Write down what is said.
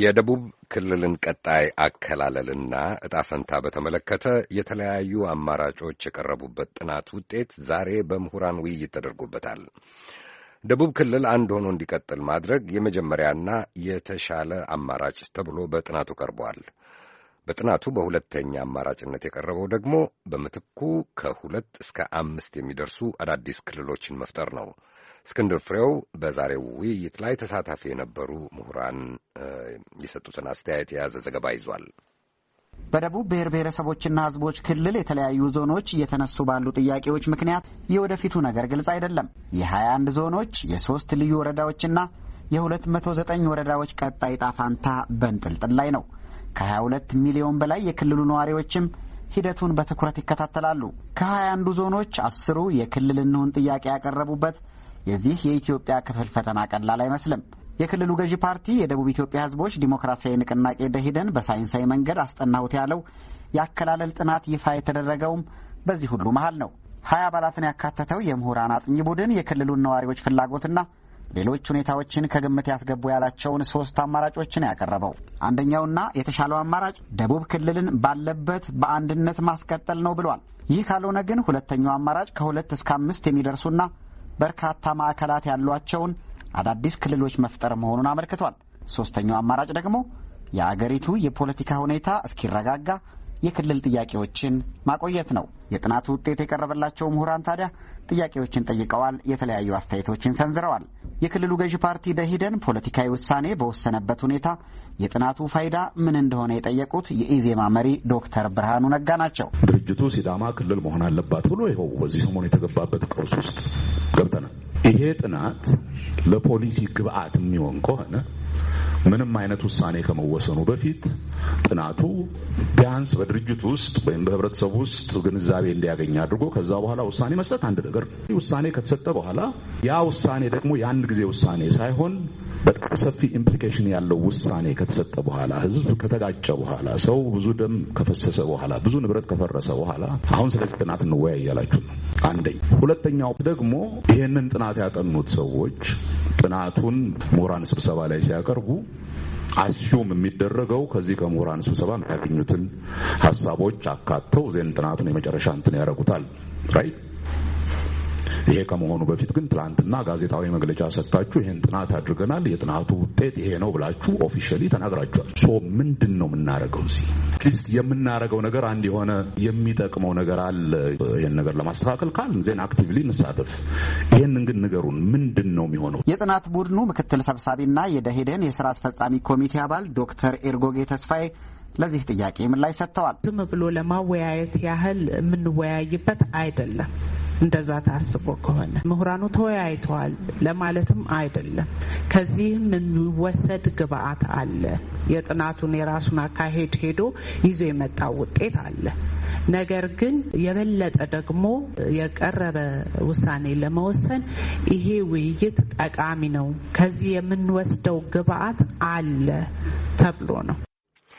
የደቡብ ክልልን ቀጣይ አከላለልና እጣ ፈንታ በተመለከተ የተለያዩ አማራጮች የቀረቡበት ጥናት ውጤት ዛሬ በምሁራን ውይይት ተደርጎበታል። ደቡብ ክልል አንድ ሆኖ እንዲቀጥል ማድረግ የመጀመሪያና የተሻለ አማራጭ ተብሎ በጥናቱ ቀርቧል። በጥናቱ በሁለተኛ አማራጭነት የቀረበው ደግሞ በምትኩ ከሁለት እስከ አምስት የሚደርሱ አዳዲስ ክልሎችን መፍጠር ነው። እስክንድር ፍሬው በዛሬው ውይይት ላይ ተሳታፊ የነበሩ ምሁራን የሰጡትን አስተያየት የያዘ ዘገባ ይዟል። በደቡብ ብሔር ብሔረሰቦችና ሕዝቦች ክልል የተለያዩ ዞኖች እየተነሱ ባሉ ጥያቄዎች ምክንያት የወደፊቱ ነገር ግልጽ አይደለም። የ21 ዞኖች የሶስት ልዩ ወረዳዎችና የ209 ወረዳዎች ቀጣይ ጣፋንታ በንጥልጥል ላይ ነው። ከ22 ሚሊዮን በላይ የክልሉ ነዋሪዎችም ሂደቱን በትኩረት ይከታተላሉ። ከሀያ አንዱ ዞኖች አስሩ የክልል እንሁን ጥያቄ ያቀረቡበት የዚህ የኢትዮጵያ ክፍል ፈተና ቀላል አይመስልም። የክልሉ ገዢ ፓርቲ የደቡብ ኢትዮጵያ ሕዝቦች ዲሞክራሲያዊ ንቅናቄ ደሂደን በሳይንሳዊ መንገድ አስጠናሁት ያለው የአከላለል ጥናት ይፋ የተደረገውም በዚህ ሁሉ መሀል ነው። ሀያ አባላትን ያካተተው የምሁራን አጥኚ ቡድን የክልሉን ነዋሪዎች ፍላጎትና ሌሎች ሁኔታዎችን ከግምት ያስገቡ ያላቸውን ሶስት አማራጮችን ያቀረበው። አንደኛውና የተሻለው አማራጭ ደቡብ ክልልን ባለበት በአንድነት ማስቀጠል ነው ብሏል። ይህ ካልሆነ ግን ሁለተኛው አማራጭ ከሁለት እስከ አምስት የሚደርሱና በርካታ ማዕከላት ያሏቸውን አዳዲስ ክልሎች መፍጠር መሆኑን አመልክቷል። ሶስተኛው አማራጭ ደግሞ የአገሪቱ የፖለቲካ ሁኔታ እስኪረጋጋ የክልል ጥያቄዎችን ማቆየት ነው። የጥናቱ ውጤት የቀረበላቸው ምሁራን ታዲያ ጥያቄዎችን ጠይቀዋል፣ የተለያዩ አስተያየቶችን ሰንዝረዋል። የክልሉ ገዢ ፓርቲ ደሂደን ፖለቲካዊ ውሳኔ በወሰነበት ሁኔታ የጥናቱ ፋይዳ ምን እንደሆነ የጠየቁት የኢዜማ መሪ ዶክተር ብርሃኑ ነጋ ናቸው። ድርጅቱ ሲዳማ ክልል መሆን አለባት ብሎ ይኸው በዚህ ሰሞን የተገባበት ቀውስ ውስጥ ገብተናል። ይሄ ጥናት ለፖሊሲ ግብዓት የሚሆን ከሆነ ምንም አይነት ውሳኔ ከመወሰኑ በፊት ጥናቱ ቢያንስ በድርጅት ውስጥ ወይም በህብረተሰቡ ውስጥ ግንዛቤ እንዲያገኝ አድርጎ ከዛ በኋላ ውሳኔ መስጠት አንድ ነገር ነው። ውሳኔ ከተሰጠ በኋላ ያ ውሳኔ ደግሞ የአንድ ጊዜ ውሳኔ ሳይሆን በጣም ሰፊ ኢምፕሊኬሽን ያለው ውሳኔ ከተሰጠ በኋላ ህዝብ ከተጋጨ በኋላ ሰው ብዙ ደም ከፈሰሰ በኋላ ብዙ ንብረት ከፈረሰ በኋላ አሁን ስለዚህ ጥናት እንወያይ ያላችሁ ነው። አንደኝ። ሁለተኛው ደግሞ ይህንን ጥናት ያጠኑት ሰዎች ጥናቱን ምሁራን ስብሰባ ላይ ሲያቀርቡ አስዩም የሚደረገው ከዚህ ከምሁራን ስብሰባ የሚያገኙትን ሀሳቦች አካተው ዜን ጥናቱን የመጨረሻ እንትን ያደርጉታል ራይት ይሄ ከመሆኑ በፊት ግን ትላንትና ጋዜጣዊ መግለጫ ሰጥታችሁ ይህን ጥናት አድርገናል፣ የጥናቱ ውጤት ይሄ ነው ብላችሁ ኦፊሻሊ ተናግራችኋል። ሶ ምንድን ነው የምናደርገው? እዚህ አትሊስት የምናደርገው ነገር አንድ የሆነ የሚጠቅመው ነገር አለ። ይህን ነገር ለማስተካከል ካል ዜን አክቲቭሊ እንሳተፍ። ይህንን ግን ንገሩን፣ ምንድን ነው የሚሆነው? የጥናት ቡድኑ ምክትል ሰብሳቢና የደሄደን የስራ አስፈጻሚ ኮሚቴ አባል ዶክተር ኤርጎጌ ተስፋዬ ለዚህ ጥያቄ ምላሽ ሰጥተዋል። ዝም ብሎ ለማወያየት ያህል የምንወያይበት አይደለም። እንደዛ ታስቦ ከሆነ ምሁራኑ ተወያይተዋል ለማለትም አይደለም። ከዚህም የሚወሰድ ግብአት አለ። የጥናቱን የራሱን አካሄድ ሄዶ ይዞ የመጣ ውጤት አለ። ነገር ግን የበለጠ ደግሞ የቀረበ ውሳኔ ለመወሰን ይሄ ውይይት ጠቃሚ ነው፣ ከዚህ የምንወስደው ግብአት አለ ተብሎ ነው።